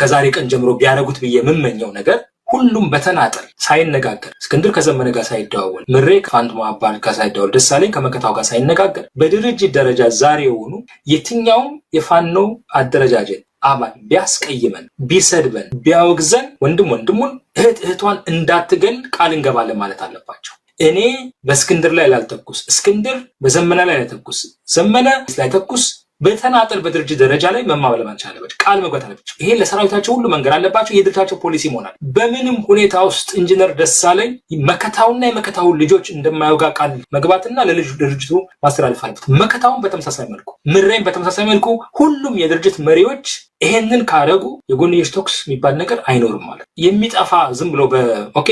ከዛሬ ቀን ጀምሮ ቢያደርጉት ብዬ የምመኘው ነገር ሁሉም በተናጠል ሳይነጋገር እስክንድር ከዘመነ ጋር ሳይደዋወል ምሬ ከፋንቱ አባል ጋር ሳይደዋወል ደሳለኝ ከመከታው ጋር ሳይነጋገር በድርጅት ደረጃ ዛሬ የሆኑ የትኛውም የፋኖ አደረጃጀት አባል ቢያስቀይመን፣ ቢሰድበን፣ ቢያወግዘን ወንድም ወንድሙን እህት እህቷን እንዳትገል ቃል እንገባለን ማለት አለባቸው። እኔ በእስክንድር ላይ ላልተኩስ፣ እስክንድር በዘመነ ላይ ላይተኩስ፣ ዘመነ ላይተኩስ በተናጠል በድርጅት ደረጃ ላይ መማበል መቻል ቃል መግባት አለባቸው። ይሄን ለሰራዊታቸው ሁሉ መንገድ አለባቸው። የድርጅታቸው ፖሊሲ ይሆናል። በምንም ሁኔታ ውስጥ ኢንጂነር ደሳለኝ መከታውና የመከታውን ልጆች እንደማያወጋ ቃል መግባትና ለልጅ ድርጅቱ ማስተላለፍ አለበት። መከታውን በተመሳሳይ መልኩ ምሬን በተመሳሳይ መልኩ ሁሉም የድርጅት መሪዎች ይሄንን ካረጉ የጎንዮሽ ቶክስ የሚባል ነገር አይኖርም ማለት የሚጠፋ ዝም ብሎ ኦኬ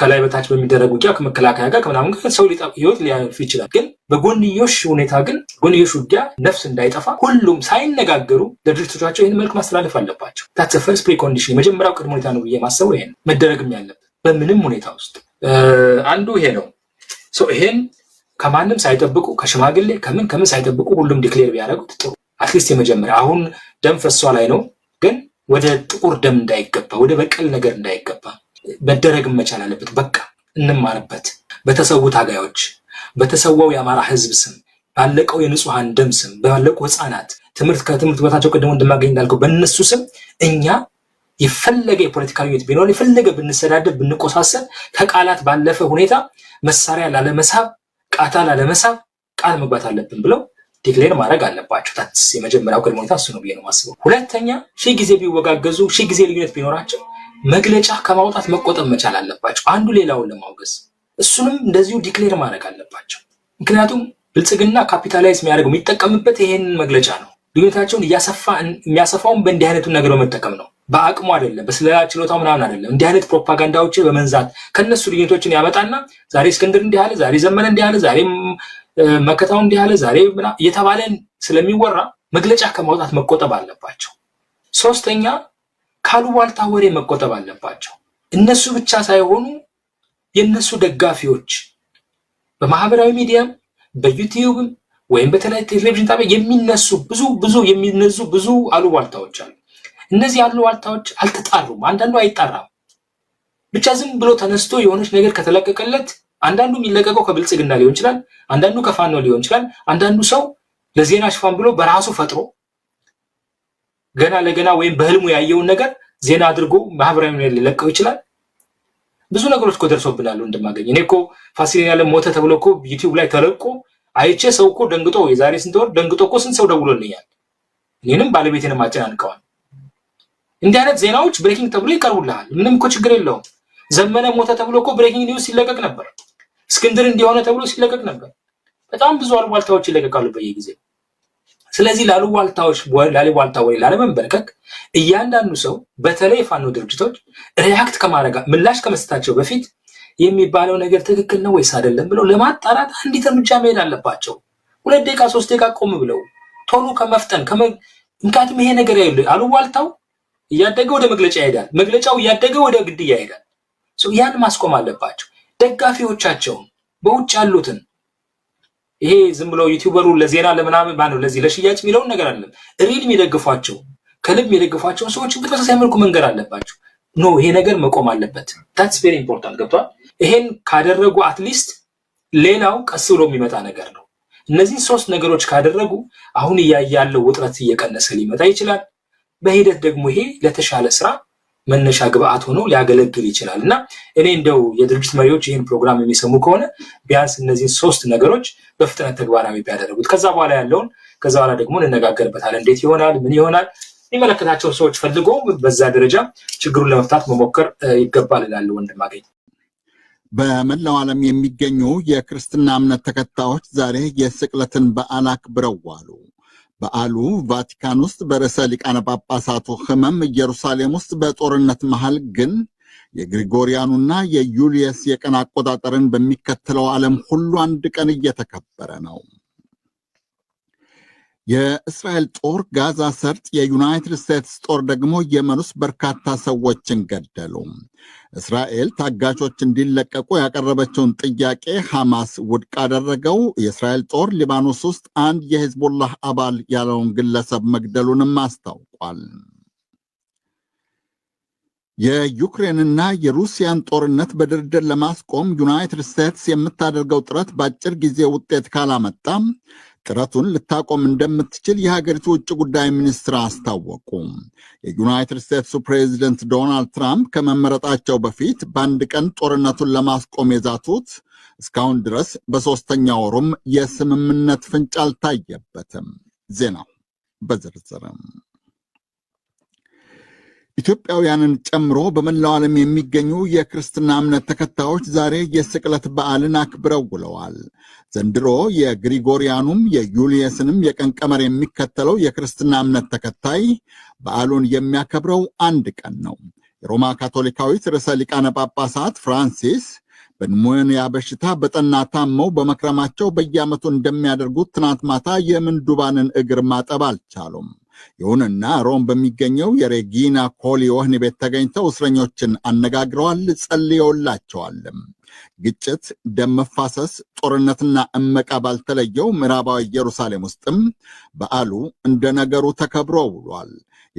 ከላይ በታች በሚደረግ ውጊያ ከመከላከያ ጋር ከምናምን ጋር ሰው ህይወት ሊያልፍ ይችላል። ግን በጎንዮሽ ሁኔታ ግን ጎንዮሽ ውጊያ ነፍስ እንዳይጠፋ ሁሉም ሳይነጋገሩ ለድርጅቶቻቸው ይህን መልክ ማስተላለፍ አለባቸው። ታትስ ፈርስት ፕሪኮንዲሽን የመጀመሪያው ቅድመ ሁኔታ ነው ብዬ ማሰቡ ይሄን መደረግም ያለበት በምንም ሁኔታ ውስጥ አንዱ ይሄ ነው። ይሄን ከማንም ሳይጠብቁ ከሽማግሌ ከምን ከምን ሳይጠብቁ ሁሉም ዲክሌር ቢያደርጉት ጥሩ አትሊስት የመጀመሪያ አሁን ደም ፈሷ ላይ ነው፣ ግን ወደ ጥቁር ደም እንዳይገባ ወደ በቀል ነገር እንዳይገባ መደረግ መቻል አለበት። በቃ እንማርበት። በተሰዉ ታጋዮች፣ በተሰዋው የአማራ ህዝብ ስም፣ ባለቀው የንጹሐን ደም ስም፣ ባለቁ ህፃናት ትምህርት ከትምህርት ቦታቸው ቅድሞ እንደማገኝ እንዳልከው በእነሱ ስም እኛ የፈለገ የፖለቲካ ልዩነት ቢኖር የፈለገ ብንሰዳደብ ብንቆሳሰል ከቃላት ባለፈ ሁኔታ መሳሪያ ላለመሳብ ቃታ ላለመሳብ ቃል መግባት አለብን ብለው ዲክሌር ማድረግ አለባቸው። ታትስ የመጀመሪያው ቅድመ ሁኔታ እሱ ነው ብዬ ነው የማስበው። ሁለተኛ ሺህ ጊዜ ቢወጋገዙ፣ ሺህ ጊዜ ልዩነት ቢኖራቸው መግለጫ ከማውጣት መቆጠብ መቻል አለባቸው። አንዱ ሌላውን ለማውገዝ እሱንም እንደዚሁ ዲክሌር ማድረግ አለባቸው። ምክንያቱም ብልጽግና ካፒታላይዝ የሚያደርገው የሚጠቀምበት ይሄንን መግለጫ ነው። ልዩነታቸውን እያሰፋ የሚያሰፋውን በእንዲህ አይነቱን ነገር በመጠቀም ነው። በአቅሙ አይደለም፣ በስለላ ችሎታው ምናምን አይደለም። እንዲህ አይነት ፕሮፓጋንዳዎችን በመንዛት ከነሱ ልዩነቶችን ያመጣና ዛሬ እስክንድር እንዲህ አለ፣ ዛሬ ዘመነ እንዲህ አለ፣ ዛሬም መከታው እንዲህ አለ ዛሬ እየተባለን ስለሚወራ መግለጫ ከማውጣት መቆጠብ አለባቸው። ሶስተኛ ካሉባልታ ወሬ መቆጠብ አለባቸው። እነሱ ብቻ ሳይሆኑ የእነሱ ደጋፊዎች በማህበራዊ ሚዲያም በዩቲዩብም ወይም በተለያዩ ቴሌቪዥን ጣቢያ የሚነሱ ብዙ ብዙ የሚነዙ ብዙ አሉባልታዎች አሉ። እነዚህ አሉባልታዎች አልተጣሩም። አንዳንዱ አይጣራም። ብቻ ዝም ብሎ ተነስቶ የሆነች ነገር ከተለቀቀለት አንዳንዱ የሚለቀቀው ከብልጽግና ሊሆን ይችላል፣ አንዳንዱ ከፋኖ ሊሆን ይችላል። አንዳንዱ ሰው ለዜና ሽፋን ብሎ በራሱ ፈጥሮ ገና ለገና ወይም በህልሙ ያየውን ነገር ዜና አድርጎ ማህበራዊ ሚዲያ ሊለቀው ይችላል። ብዙ ነገሮች እኮ ደርሶብናሉ እንደማገኝ እኔ እኮ ፋሲል ያለም ሞተ ተብሎ እኮ ዩቲዩብ ላይ ተለቆ አይቼ ሰው እኮ ደንግጦ የዛሬ ስንት ወር ደንግጦ እኮ ስንት ሰው ደውሎልኛል። እኔንም ባለቤትንም አጨናንቀዋል። እንዲህ አይነት ዜናዎች ብሬኪንግ ተብሎ ይቀርቡልሃል። ምንም እኮ ችግር የለውም። ዘመነ ሞተ ተብሎ እኮ ብሬኪንግ ኒውስ ሲለቀቅ ነበር። እስክንድር እንዲሆነ ተብሎ ሲለቀቅ ነበር። በጣም ብዙ አሉባልታዎች ይለቀቃሉ በየጊዜ። ስለዚህ ላሉባልታዎች ላሉባልታ ወይ ላለመንበርከክ እያንዳንዱ ሰው በተለይ ፋኖ ድርጅቶች ሪያክት ከማድረጋ ምላሽ ከመስጠታቸው በፊት የሚባለው ነገር ትክክል ነው ወይስ አይደለም ብለው ለማጣራት አንዲት እርምጃ መሄድ አለባቸው። ሁለት ደቂቃ ሶስት ደቂቃ ቆም ብለው ቶሎ ከመፍጠን ምክንያቱም ይሄ ነገር ያዩ አሉባልታው እያደገ ወደ መግለጫ ይሄዳል፣ መግለጫው እያደገ ወደ ግድያ ይሄዳል። ያን ማስቆም አለባቸው። ደጋፊዎቻቸውን በውጭ ያሉትን ይሄ ዝም ብለው ዩቲዩበሩ ለዜና ለምናምን ነው ለዚህ ለሽያጭ የሚለውን ነገር አለም ሪል የሚደግፏቸው ከልብ የሚደግፏቸውን ሰዎች በተመሳሳይ መልኩ መንገድ አለባቸው። ኖ ይሄ ነገር መቆም አለበት። ታትስ ቬሪ ኢምፖርታንት ገብቷል። ይሄን ካደረጉ አትሊስት ሌላው ቀስ ብሎ የሚመጣ ነገር ነው። እነዚህ ሶስት ነገሮች ካደረጉ አሁን እያየ ያለው ውጥረት እየቀነሰ ሊመጣ ይችላል። በሂደት ደግሞ ይሄ ለተሻለ ስራ መነሻ ግብአት ሆኖ ሊያገለግል ይችላል እና እኔ እንደው የድርጅት መሪዎች ይህን ፕሮግራም የሚሰሙ ከሆነ ቢያንስ እነዚህን ሶስት ነገሮች በፍጥነት ተግባራዊ ቢያደረጉት፣ ከዛ በኋላ ያለውን ከዛ በኋላ ደግሞ እንነጋገርበታል እንዴት ይሆናል? ምን ይሆናል? የሚመለከታቸውን ሰዎች ፈልጎ በዛ ደረጃ ችግሩን ለመፍታት መሞከር ይገባል እላለሁ ወንድማገኝ። በመላው ዓለም የሚገኙ የክርስትና እምነት ተከታዮች ዛሬ የስቅለትን በዓል ዋሉ በዓሉ ቫቲካን ውስጥ በርዕሰ ሊቃነ ጳጳሳቱ ህመም ኢየሩሳሌም ውስጥ በጦርነት መሃል ግን የግሪጎሪያኑና የዩልየስ የቀን አቆጣጠርን በሚከተለው ዓለም ሁሉ አንድ ቀን እየተከበረ ነው። የእስራኤል ጦር ጋዛ ሰርጥ፣ የዩናይትድ ስቴትስ ጦር ደግሞ የመን ውስጥ በርካታ ሰዎችን ገደሉ። እስራኤል ታጋቾች እንዲለቀቁ ያቀረበችውን ጥያቄ ሐማስ ውድቅ አደረገው። የእስራኤል ጦር ሊባኖስ ውስጥ አንድ የሂዝቦላህ አባል ያለውን ግለሰብ መግደሉንም አስታውቋል። የዩክሬንና የሩሲያን ጦርነት በድርድር ለማስቆም ዩናይትድ ስቴትስ የምታደርገው ጥረት በአጭር ጊዜ ውጤት ካላመጣም ጥረቱን ልታቆም እንደምትችል የሀገሪቱ ውጭ ጉዳይ ሚኒስትር አስታወቁ። የዩናይትድ ስቴትሱ ፕሬዚደንት ዶናልድ ትራምፕ ከመመረጣቸው በፊት በአንድ ቀን ጦርነቱን ለማስቆም የዛቱት እስካሁን ድረስ በሦስተኛ ወሩም የስምምነት ፍንጭ አልታየበትም። ዜናው በዝርዝርም ኢትዮጵያውያንን ጨምሮ በመላው ዓለም የሚገኙ የክርስትና እምነት ተከታዮች ዛሬ የስቅለት በዓልን አክብረው ውለዋል። ዘንድሮ የግሪጎሪያኑም የዩልየስንም የቀን ቀመር የሚከተለው የክርስትና እምነት ተከታይ በዓሉን የሚያከብረው አንድ ቀን ነው። የሮማ ካቶሊካዊት ርዕሰ ሊቃነ ጳጳሳት ፍራንሲስ በኒሞኒያ በሽታ በጠና ታመው በመክረማቸው በየዓመቱ እንደሚያደርጉት ትናንት ማታ የምንዱባንን እግር ማጠብ አልቻሉም። ይሁንና ሮም በሚገኘው የሬጊና ኮሊ ወህኒ ቤት ተገኝተው እስረኞችን አነጋግረዋል፣ ጸልየውላቸዋልም። ግጭት፣ ደም መፋሰስ፣ ጦርነትና እመቃ ባልተለየው ምዕራባዊ ኢየሩሳሌም ውስጥም በዓሉ እንደ ነገሩ ተከብሮ ውሏል።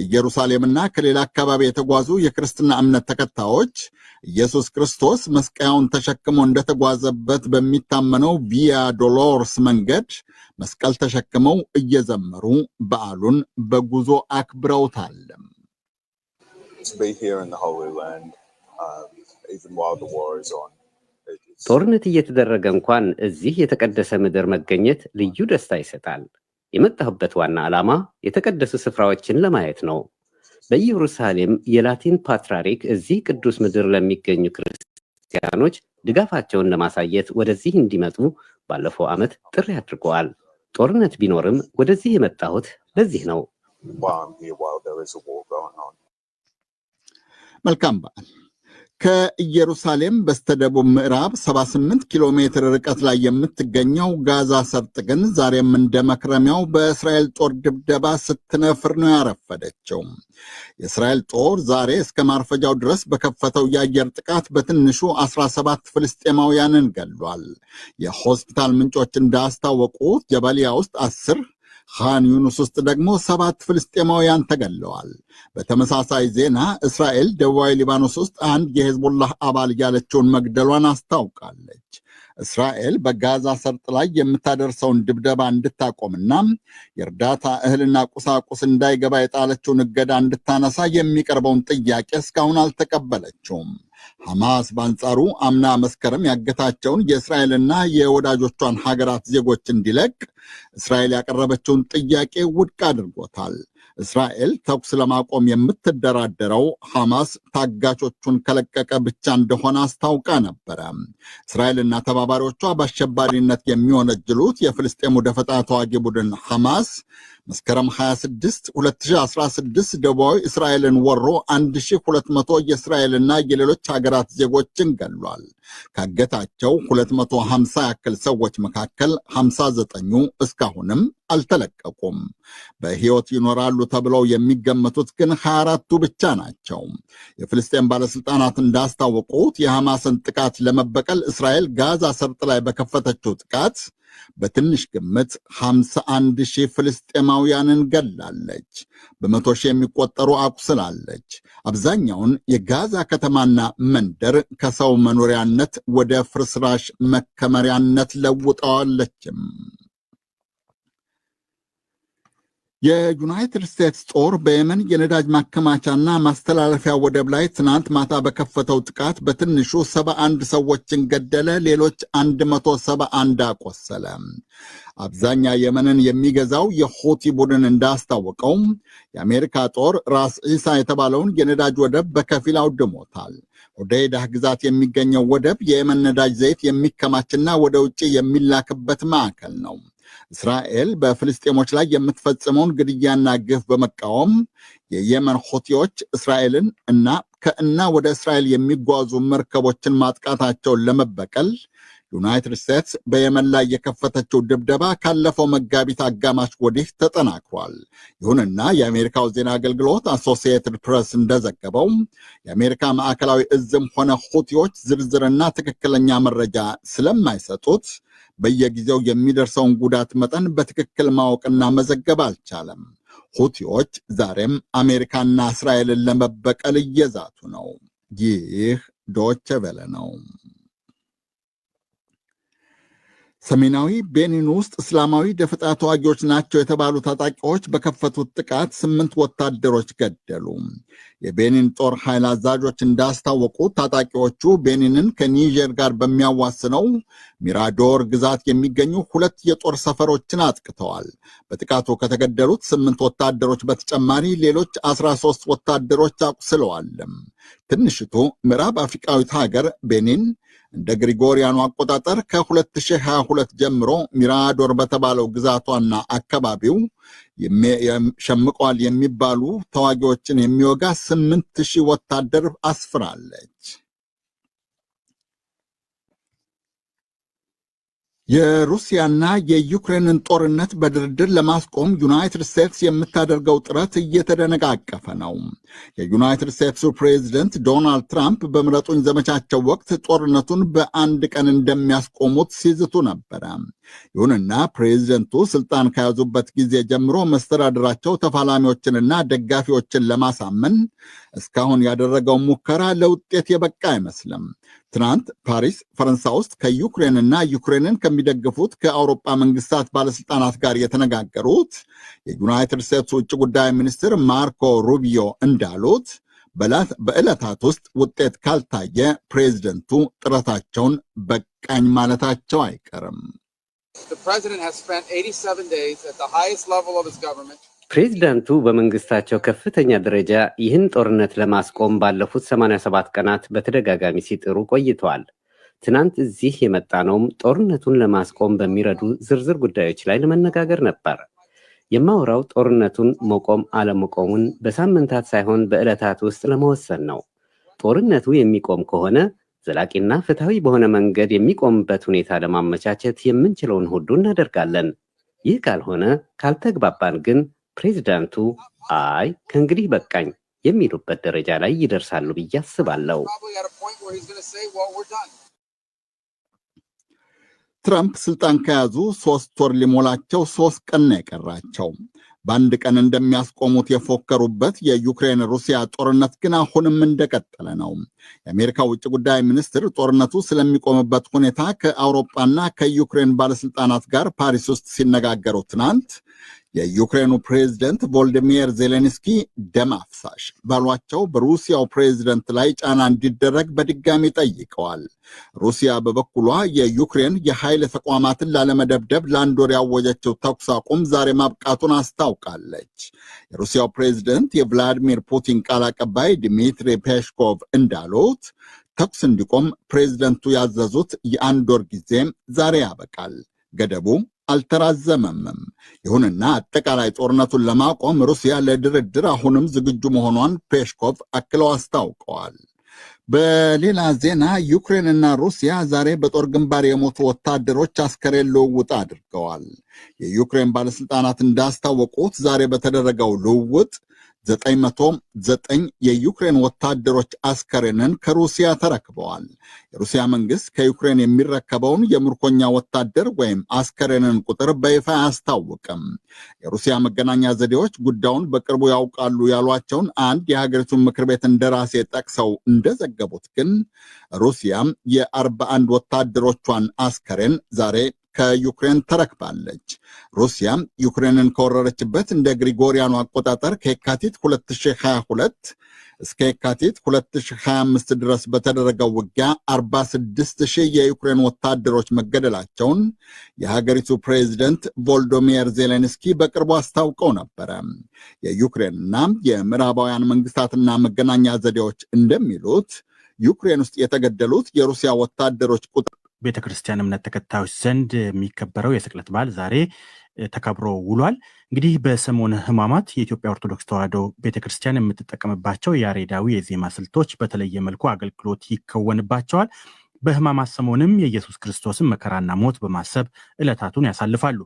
ኢየሩሳሌምና ከሌላ አካባቢ የተጓዙ የክርስትና እምነት ተከታዮች ኢየሱስ ክርስቶስ መስቀያውን ተሸክሞ እንደተጓዘበት በሚታመነው ቪያ ዶሎርስ መንገድ መስቀል ተሸክመው እየዘመሩ በዓሉን በጉዞ አክብረውታል። ጦርነት እየተደረገ እንኳን እዚህ የተቀደሰ ምድር መገኘት ልዩ ደስታ ይሰጣል። የመጣሁበት ዋና ዓላማ የተቀደሱ ስፍራዎችን ለማየት ነው። በኢየሩሳሌም የላቲን ፓትራሪክ እዚህ ቅዱስ ምድር ለሚገኙ ክርስቲያኖች ድጋፋቸውን ለማሳየት ወደዚህ እንዲመጡ ባለፈው ዓመት ጥሪ አድርገዋል። ጦርነት ቢኖርም ወደዚህ የመጣሁት ለዚህ ነው። መልካም በዓል። ከኢየሩሳሌም በስተደቡብ ምዕራብ 78 ኪሎ ሜትር ርቀት ላይ የምትገኘው ጋዛ ሰርጥ ግን ዛሬም እንደ መክረሚያው በእስራኤል ጦር ድብደባ ስትነፍር ነው ያረፈደችው። የእስራኤል ጦር ዛሬ እስከ ማርፈጃው ድረስ በከፈተው የአየር ጥቃት በትንሹ 17 ፍልስጤማውያንን ገሏል። የሆስፒታል ምንጮች እንዳስታወቁት ጀበሊያ ውስጥ 10 ካን ዩኑስ ውስጥ ደግሞ ሰባት ፍልስጤማውያን ተገለዋል። በተመሳሳይ ዜና እስራኤል ደቡባዊ ሊባኖስ ውስጥ አንድ የሄዝቦላህ አባል ያለችውን መግደሏን አስታውቃለች። እስራኤል በጋዛ ሰርጥ ላይ የምታደርሰውን ድብደባ እንድታቆምና የእርዳታ እህልና ቁሳቁስ እንዳይገባ የጣለችውን እገዳ እንድታነሳ የሚቀርበውን ጥያቄ እስካሁን አልተቀበለችውም። ሐማስ በአንጻሩ አምና መስከረም ያገታቸውን የእስራኤልና የወዳጆቿን ሀገራት ዜጎች እንዲለቅ እስራኤል ያቀረበችውን ጥያቄ ውድቅ አድርጎታል። እስራኤል ተኩስ ለማቆም የምትደራደረው ሐማስ ታጋቾቹን ከለቀቀ ብቻ እንደሆነ አስታውቃ ነበረ። እስራኤልና ተባባሪዎቿ በአሸባሪነት የሚወነጅሉት የፍልስጤሙ ደፈጣ ተዋጊ ቡድን ሐማስ መስከረም 26 2016 ደቡባዊ እስራኤልን ወሮ 1200 የእስራኤልና የሌሎች ሀገራት ዜጎችን ገሏል። ካገታቸው 250 ያክል ሰዎች መካከል 59ኙ እስካሁንም አልተለቀቁም። በሕይወት ይኖራሉ ተብለው የሚገመቱት ግን 24ቱ ብቻ ናቸው። የፍልስጤን ባለሥልጣናት እንዳስታወቁት የሐማስን ጥቃት ለመበቀል እስራኤል ጋዛ ሰርጥ ላይ በከፈተችው ጥቃት በትንሽ ግምት 51 ሺህ ፍልስጤማውያንን ገላለች። በመቶ ሺህ የሚቆጠሩ አቁስላለች። አብዛኛውን የጋዛ ከተማና መንደር ከሰው መኖሪያነት ወደ ፍርስራሽ መከመሪያነት ለውጠዋለችም። የዩናይትድ ስቴትስ ጦር በየመን የነዳጅ ማከማቻና ማስተላለፊያ ወደብ ላይ ትናንት ማታ በከፈተው ጥቃት በትንሹ ሰባ አንድ ሰዎችን ገደለ፣ ሌሎች አንድ መቶ ሰባ አንድ አቆሰለ። አብዛኛ የመንን የሚገዛው የሆቲ ቡድን እንዳስታወቀው የአሜሪካ ጦር ራስ ኢሳ የተባለውን የነዳጅ ወደብ በከፊል አውድሞታል። ሆዴይዳህ ግዛት የሚገኘው ወደብ የየመን ነዳጅ ዘይት የሚከማችና ወደ ውጭ የሚላክበት ማዕከል ነው። እስራኤል በፍልስጤሞች ላይ የምትፈጽመውን ግድያና ግፍ በመቃወም የየመን ሆቲዎች እስራኤልን እና ከእና ወደ እስራኤል የሚጓዙ መርከቦችን ማጥቃታቸውን ለመበቀል ዩናይትድ ስቴትስ በየመን ላይ የከፈተችው ድብደባ ካለፈው መጋቢት አጋማሽ ወዲህ ተጠናክሯል። ይሁንና የአሜሪካው ዜና አገልግሎት አሶሲየትድ ፕሬስ እንደዘገበው የአሜሪካ ማዕከላዊ እዝም ሆነ ሁቲዎች ዝርዝርና ትክክለኛ መረጃ ስለማይሰጡት በየጊዜው የሚደርሰውን ጉዳት መጠን በትክክል ማወቅና መዘገብ አልቻለም። ሁቲዎች ዛሬም አሜሪካና እስራኤልን ለመበቀል እየዛቱ ነው። ይህ ዶቼ ቬለ ነው። ሰሜናዊ ቤኒን ውስጥ እስላማዊ ደፈጣ ተዋጊዎች ናቸው የተባሉ ታጣቂዎች በከፈቱት ጥቃት ስምንት ወታደሮች ገደሉ። የቤኒን ጦር ኃይል አዛዦች እንዳስታወቁት ታጣቂዎቹ ቤኒንን ከኒጀር ጋር በሚያዋስነው ሚራዶር ግዛት የሚገኙ ሁለት የጦር ሰፈሮችን አጥቅተዋል። በጥቃቱ ከተገደሉት ስምንት ወታደሮች በተጨማሪ ሌሎች አስራ ሶስት ወታደሮች አቁስለዋልም። ትንሽቱ ምዕራብ አፍሪቃዊት ሀገር ቤኒን እንደ ግሪጎሪያኑ አቆጣጠር ከ2022 ጀምሮ ሚራዶር በተባለው ግዛቷና አካባቢው ሸምቋል የሚባሉ ተዋጊዎችን የሚወጋ ስምንት ሺህ ወታደር አስፍራለች። የሩሲያና የዩክሬንን ጦርነት በድርድር ለማስቆም ዩናይትድ ስቴትስ የምታደርገው ጥረት እየተደነቃቀፈ ነው። የዩናይትድ ስቴትሱ ፕሬዚደንት ዶናልድ ትራምፕ በምረጡኝ ዘመቻቸው ወቅት ጦርነቱን በአንድ ቀን እንደሚያስቆሙት ሲዝቱ ነበረ። ይሁንና ፕሬዚደንቱ ስልጣን ከያዙበት ጊዜ ጀምሮ መስተዳድራቸው ተፋላሚዎችንና ደጋፊዎችን ለማሳመን እስካሁን ያደረገው ሙከራ ለውጤት የበቃ አይመስልም። ትናንት ፓሪስ ፈረንሳይ ውስጥ ከዩክሬንና ዩክሬንን ከሚደግፉት ከአውሮፓ መንግስታት ባለስልጣናት ጋር የተነጋገሩት የዩናይትድ ስቴትስ ውጭ ጉዳይ ሚኒስትር ማርኮ ሩቢዮ እንዳሉት በዕለታት ውስጥ ውጤት ካልታየ ፕሬዚደንቱ ጥረታቸውን በቃኝ ማለታቸው አይቀርም። ፕሬዚዳንቱ በመንግስታቸው ከፍተኛ ደረጃ ይህን ጦርነት ለማስቆም ባለፉት 87 ቀናት በተደጋጋሚ ሲጥሩ ቆይተዋል። ትናንት እዚህ የመጣነውም ጦርነቱን ለማስቆም በሚረዱ ዝርዝር ጉዳዮች ላይ ለመነጋገር ነበር። የማወራው ጦርነቱን መቆም አለመቆሙን በሳምንታት ሳይሆን በዕለታት ውስጥ ለመወሰን ነው። ጦርነቱ የሚቆም ከሆነ ዘላቂና ፍትሐዊ በሆነ መንገድ የሚቆምበት ሁኔታ ለማመቻቸት የምንችለውን ሁሉ እናደርጋለን። ይህ ካልሆነ ካልተግባባን ግን ፕሬዚዳንቱ አይ ከእንግዲህ በቃኝ የሚሉበት ደረጃ ላይ ይደርሳሉ ብዬ አስባለሁ። ትራምፕ ስልጣን ከያዙ ሶስት ወር ሊሞላቸው ሶስት ቀን ነው የቀራቸው። በአንድ ቀን እንደሚያስቆሙት የፎከሩበት የዩክሬን ሩሲያ ጦርነት ግን አሁንም እንደቀጠለ ነው። የአሜሪካ ውጭ ጉዳይ ሚኒስትር ጦርነቱ ስለሚቆምበት ሁኔታ ከአውሮፓና ከዩክሬን ባለስልጣናት ጋር ፓሪስ ውስጥ ሲነጋገሩ ትናንት የዩክሬኑ ፕሬዝደንት ቮልዲሚር ዜሌንስኪ ደም አፍሳሽ ባሏቸው በሩሲያው ፕሬዝደንት ላይ ጫና እንዲደረግ በድጋሚ ጠይቀዋል። ሩሲያ በበኩሏ የዩክሬን የኃይል ተቋማትን ላለመደብደብ ለአንድ ወር ያወጀችው ተኩስ አቁም ዛሬ ማብቃቱን አስታውቃለች። የሩሲያው ፕሬዝደንት የቭላዲሚር ፑቲን ቃል አቀባይ ድሚትሪ ፔሽኮቭ እንዳሉት ተኩስ እንዲቆም ፕሬዝደንቱ ያዘዙት የአንድ ወር ጊዜም ዛሬ ያበቃል። ገደቡ አልተራዘመምም። ይሁንና አጠቃላይ ጦርነቱን ለማቆም ሩሲያ ለድርድር አሁንም ዝግጁ መሆኗን ፔሽኮቭ አክለው አስታውቀዋል። በሌላ ዜና ዩክሬንና ሩሲያ ዛሬ በጦር ግንባር የሞቱ ወታደሮች አስከሬን ልውውጥ አድርገዋል። የዩክሬን ባለሥልጣናት እንዳስታወቁት ዛሬ በተደረገው ልውውጥ ዘጠኝ የዩክሬን ወታደሮች አስከሬንን ከሩሲያ ተረክበዋል። የሩሲያ መንግስት ከዩክሬን የሚረከበውን የምርኮኛ ወታደር ወይም አስከሬንን ቁጥር በይፋ አያስታውቅም። የሩሲያ መገናኛ ዘዴዎች ጉዳዩን በቅርቡ ያውቃሉ ያሏቸውን አንድ የሀገሪቱን ምክር ቤት እንደራሴ ጠቅሰው እንደዘገቡት ግን ሩሲያ የአርባ አንድ ወታደሮቿን አስከሬን ዛሬ ከዩክሬን ተረክባለች። ሩሲያ ዩክሬንን ከወረረችበት እንደ ግሪጎሪያኑ አቆጣጠር ከየካቲት 2022 እስከ የካቲት 2025 ድረስ በተደረገው ውጊያ 46 ሺህ የዩክሬን ወታደሮች መገደላቸውን የሀገሪቱ ፕሬዚደንት ቮልዶሚየር ዜሌንስኪ በቅርቡ አስታውቀው ነበረ። የዩክሬንና የምዕራባውያን መንግስታትና መገናኛ ዘዴዎች እንደሚሉት ዩክሬን ውስጥ የተገደሉት የሩሲያ ወታደሮች ቁጥር ቤተ ክርስቲያን እምነት ተከታዮች ዘንድ የሚከበረው የስቅለት በዓል ዛሬ ተከብሮ ውሏል። እንግዲህ በሰሞነ ሕማማት የኢትዮጵያ ኦርቶዶክስ ተዋሕዶ ቤተ ክርስቲያን የምትጠቀምባቸው ያሬዳዊ የዜማ ስልቶች በተለየ መልኩ አገልግሎት ይከወንባቸዋል። በሕማማት ሰሞንም የኢየሱስ ክርስቶስን መከራና ሞት በማሰብ ዕለታቱን ያሳልፋሉ።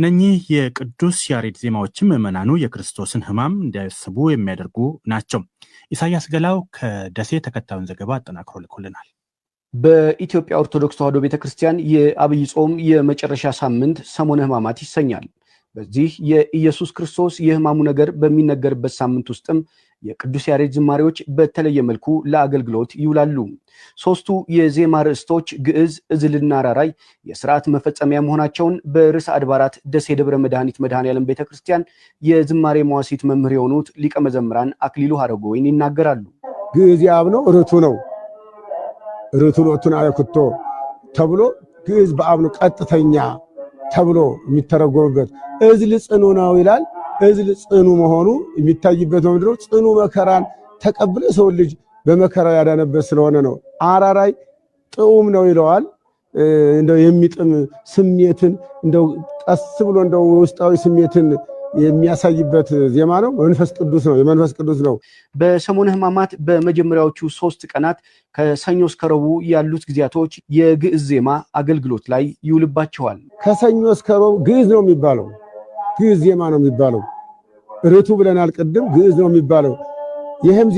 እነኚህ የቅዱስ ያሬድ ዜማዎችም ምዕመናኑ የክርስቶስን ሕማም እንዲያስቡ የሚያደርጉ ናቸው። ኢሳያስ ገላው ከደሴ ተከታዩን ዘገባ አጠናክሮ ልኮልናል። በኢትዮጵያ ኦርቶዶክስ ተዋሕዶ ቤተክርስቲያን የአብይ ጾም የመጨረሻ ሳምንት ሰሞነ ሕማማት ይሰኛል። በዚህ የኢየሱስ ክርስቶስ የሕማሙ ነገር በሚነገርበት ሳምንት ውስጥም የቅዱስ ያሬድ ዝማሬዎች በተለየ መልኩ ለአገልግሎት ይውላሉ። ሶስቱ የዜማ ርዕስቶች ግዕዝ፣ እዝልና ራራይ የስርዓት መፈጸሚያ መሆናቸውን በርዕሰ አድባራት ደሴ ደብረ መድኃኒት መድኃኔዓለም ቤተ ክርስቲያን የዝማሬ መዋሲት መምህር የሆኑት ሊቀ መዘምራን አክሊሉ ሀረጎወይን ይናገራሉ። ግዕዝ የአብ ነው፣ ርቱ ነው ርቱሎቱን አለክቶ ተብሎ ግዕዝ በአብኑ ቀጥተኛ ተብሎ የሚተረጎምበት እዝል ጽኑ ነው ይላል። እዝል ጽኑ መሆኑ የሚታይበት በምድረው ጽኑ መከራን ተቀብሎ የሰውን ልጅ በመከራ ያዳነበት ስለሆነ ነው። አራራይ ጥዑም ነው ይለዋል። እንደው የሚጥም ስሜትን እንደው ቀስ ብሎ እንደው ውስጣዊ ስሜትን የሚያሳይበት ዜማ ነው። መንፈስ ቅዱስ ነው፣ የመንፈስ ቅዱስ ነው። በሰሙነ ሕማማት በመጀመሪያዎቹ ሶስት ቀናት ከሰኞ እስከ ረቡዕ ያሉት ጊዜያቶች የግዕዝ ዜማ አገልግሎት ላይ ይውልባቸዋል። ከሰኞ እስከ ረቡዕ ግዕዝ ነው የሚባለው፣ ግዕዝ ዜማ ነው የሚባለው። ርቱ ብለናል ቅድም፣ ግዕዝ ነው የሚባለው ይህም